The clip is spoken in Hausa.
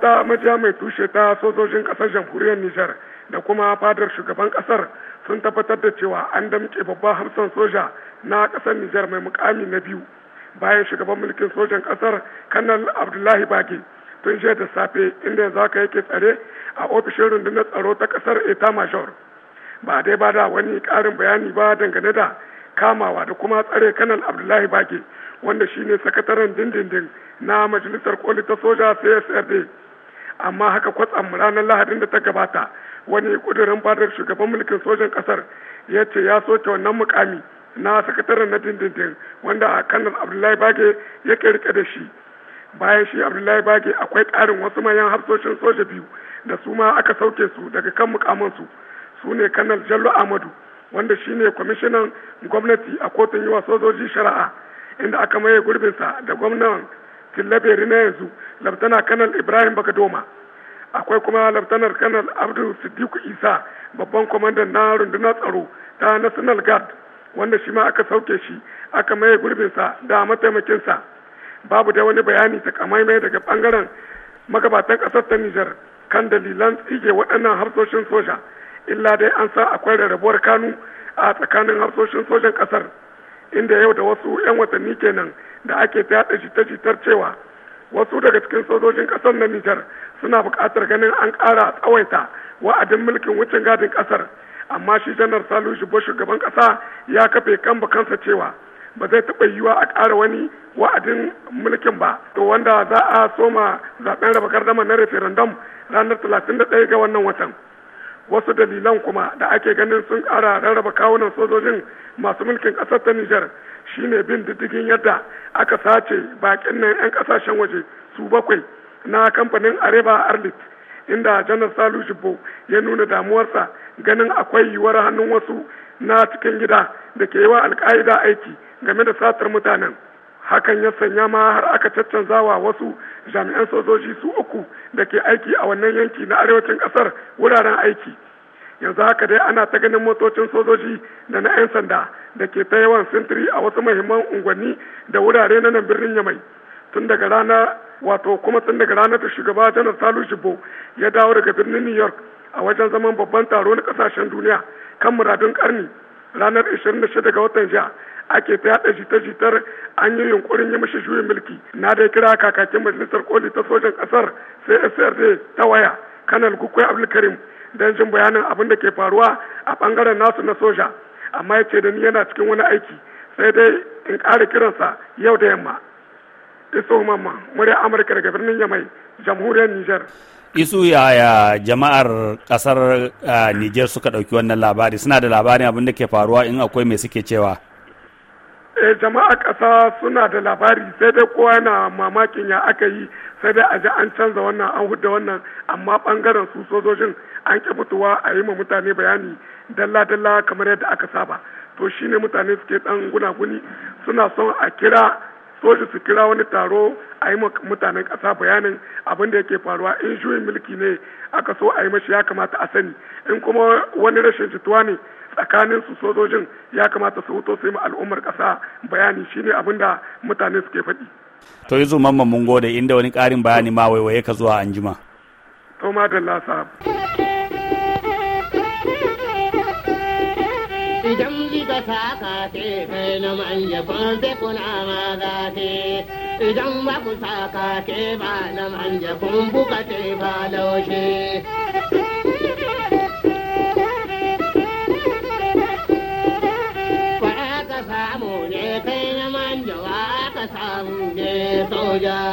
wata majiya mai tushe ta sojojin kasar jamhuriyar Nijar da kuma fadar shugaban kasar sun tabbatar da cewa an damke babban hamsin soja na kasar Nijar mai mukami na biyu bayan shugaban mulkin sojan kasar kanal Abdullahi Bage tun jiya da safe inda yanzu haka yake tsare a ofishin rundunar tsaro ta kasar Eta Major. Ba dai ba da wani karin bayani ba dangane da kamawa da kuma tsare kanal Abdullahi Bage wanda shine sakataren dindindin na majalisar koli ta soja CSRD. amma haka kwatsam ranar lahadin da ta gabata wani kudirin fadar shugaban mulkin sojan kasar ya ce ya soke wannan mukami na sakataren na dindindin wanda a kanan abdullahi bage ya rike da shi bayan shi abdullahi bage akwai ƙarin wasu manyan hafsoshin soja biyu da su ma aka sauke su daga kan mukamansu su ne kanal jallo amadu wanda shi ne kwamishinan gwamnati a kotun yi wa sojoji shari'a inda aka maye gurbinsa da gwamnan tillaberi na yanzu laftana kanal ibrahim bakadoma akwai kuma laftanar kanal abdul siddiq isa babban kwamandan na rundunar tsaro ta national guard wanda shi ma aka sauke shi aka maye gurbinsa da mataimakinsa babu da wani bayani takamaimai daga bangaren magabatan kasar ta nijar kan dalilan tsige waɗannan harsoshin soja illa dai an sa akwai rarrabuwar kanu a tsakanin harsoshin sojan kasar inda yau da wasu 'yan watanni kenan da ake fyaɗa ta jitar cewa wasu daga cikin sojojin ƙasar na Nijar suna buƙatar ganin an ƙara tsawaita wa'adin mulkin wucin gadin ƙasar amma shi janar salu shibo shugaban ƙasa ya kafe kan bakansa cewa ba zai taɓa yiwuwa a ƙara wani wa'adin mulkin ba to wanda za a soma zaɓen raba gardama na referendum ranar 31 ga wannan watan wasu dalilan kuma da ake ganin sun ƙara rarraba kawunan sojojin masu mulkin ƙasar ta Nijar shine bin diddigin yadda aka sace bakin nan 'yan kasashen waje su bakwai na kamfanin areba arlit inda janar salu shibbo ya nuna damuwarsa ganin akwai yiwuwar hannun wasu na cikin gida da ke yi wa alka'ida aiki game da satar mutanen hakan ya sanya ma har aka wa wasu jami'an sojoji su uku da ke aiki a wannan yanki na arewacin kasar wuraren aiki yanzu haka dai ana ta ganin motocin sojoji da na 'yan sanda da ke ta yawan sintiri a wasu mahimman unguwanni da wurare na nan birnin yamai tun daga rana wato kuma tun daga ranar da shugaba janar salu shibo ya dawo daga birnin new york a wajen zaman babban taro na kasashen duniya kan muradun karni ranar 26 ga watan jiya ake ta yada jita-jitar an yi yunkurin yi mashi juyin mulki na dai kira kakakin majalisar koli ta sojan kasar csrd ta waya kanal gukwai abdulkarim don jin bayanin abin da ke faruwa a bangaren nasu na soja amma ya ce da yana cikin wani aiki sai dai in ƙara kiransa yau da yamma iso mamma murya amurka daga birnin yamai jamhuriyar nijar isu yaya jama'ar kasar ah, nijar suka ɗauki wannan labari suna da labarin abin da ke faruwa in akwai mai suke cewa eh jama'a ƙasa suna da labari sai dai kowa yana mamakin ya aka yi sai dai a ji an canza wannan an hudda wannan amma bangaren su sojojin an ƙi fitowa a yi ma mutane bayani dalla-dalla kamar yadda aka saba to shine mutane suke dan gunaguni suna son a kira soji su kira wani taro a yi ma mutanen kasa bayanin abin da yake faruwa in juyin mulki ne aka so a yi mashi ya kamata a sani in kuma wani rashin jituwa ne tsakanin su sojojin ya kamata su wuto su yi al'ummar ƙasa bayani shine abin da mutane suke faɗi. to yanzu mamman mun gode inda wani ƙarin bayani ma waiwaye ka zuwa anjima. to madalla sahab. idan gida ta kace kai na manya kuna ma za ke idan ba ku saka ke ba na manja kun buka ce ba laushe. Yeah.